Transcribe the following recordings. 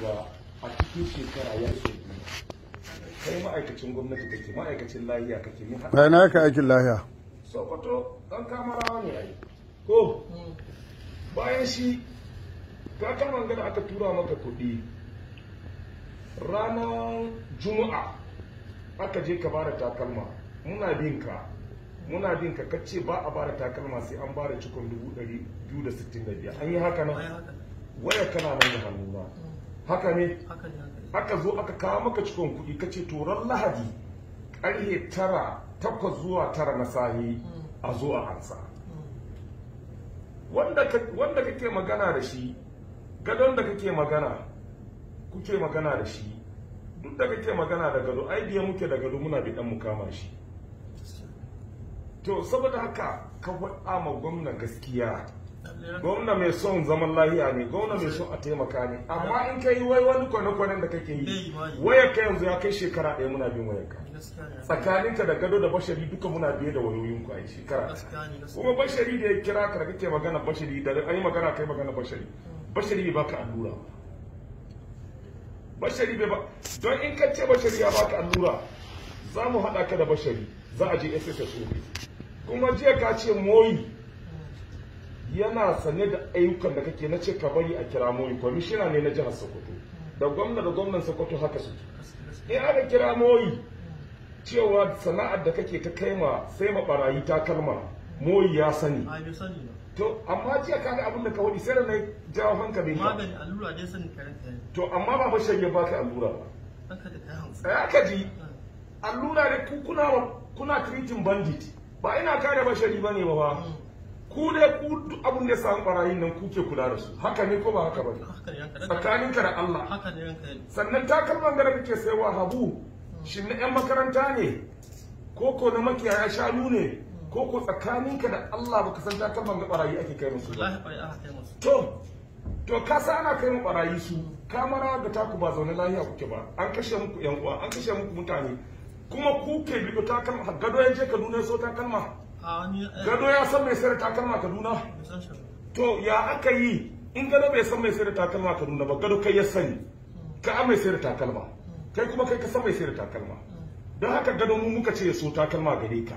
ga a cikin shekara ya so kai ma'aikacin gwamnati kake ma'aikacin lahiya kake ni bayan haka aikin lahiya sokoto dan kamarawa ne ai ko bayan shi ka kama gana aka tura maka kuɗi ranar juma'a aka je ka bada takalma muna bin ka muna bin ka kace ba a bada takalma sai an da cikon 265 an yi haka nan waya kana nan da hannu ba haka ne aka zo aka kawo maka cikon kuɗi ka ce turan lahadi ƙarfe tara takwas zuwa tara na sahi mm. a zo a hansa mm. wanda kake magana da shi gadon da kake magana kuke magana da shi duk da kake magana da gado ai biya muke da gado muna bi dan mu kama shi to saboda haka ka faɗa ma gwamna gaskiya gwamna mai son zaman lahiya ne gwamna mai son a taimaka ne amma in ka yi wai wani kwane-kwanen da kake yi waya ka yanzu ya kai shekara ɗaya muna bin wayar ka tsakaninka da gado da bashari duka muna biye da wayoyin ku a shekara kuma bashari da ya kira ka da kake magana bashari da an yi magana kai magana bashari bashari bai baka allura bashari bai ba don in ka ce bashari ya baka allura za mu haɗa ka da bashari za a je sss kuma jiya ka ce moyi yana sanye da ayyukan da kake na ce ka bari a kira moyi kwamishina ne na jihar sokoto da gwamna da gwamnan sokoto haka suke in aka kira moyi cewa sana'ar da kake ta kai ma sai ma barayi ta kalma moyi ya sani to amma jiya ka ga abin da ka wadi sai da na jawo hanka ka magani allura dai to amma ba bashar ya baka allura ba tsaya ka ji allura ne kuna kuna treating bandit ba ina kare ba ne ba ba ku ne ku duk abin da samu barayin nan kuke kula da su haka ne ko ba haka ba tsakanin ka da Allah sannan takalman gara kake saiwa habu shin na yan makaranta ne ko ko na makiyaya shanu ne hmm. ko ko tsakanin ka da Allah baka san takalman ga barayi ake kai musu ba to to ka sa ana kai mu barayi su kamara ga taku ba zaune lahiya kuke ba an kashe muku yan uwa an kashe muku mutane kuma ku ke biyo takalma gado ya je Kaduna so takalma Eh, gado ya san mai sayar takalma kaduna to ya aka yi in gado bai san mai sayar takalma kaduna ba gado kai ya sani hmm. ka mai sayar takalma hmm. kai kuma kai ka san mai sayar takalma hmm. don haka gado mu muka ce ya so takalma gare ka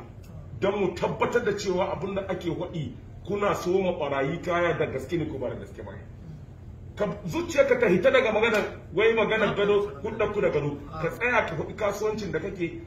don mu tabbatar da cewa abin da ake waɗi kuna so ma barayi kaya da gaske ne ko ba da gaske ba ka ka ta hita daga magana wai magana ah. gado hudda ku da gado ka ah. tsaya ka faɗi kasuwancin da kake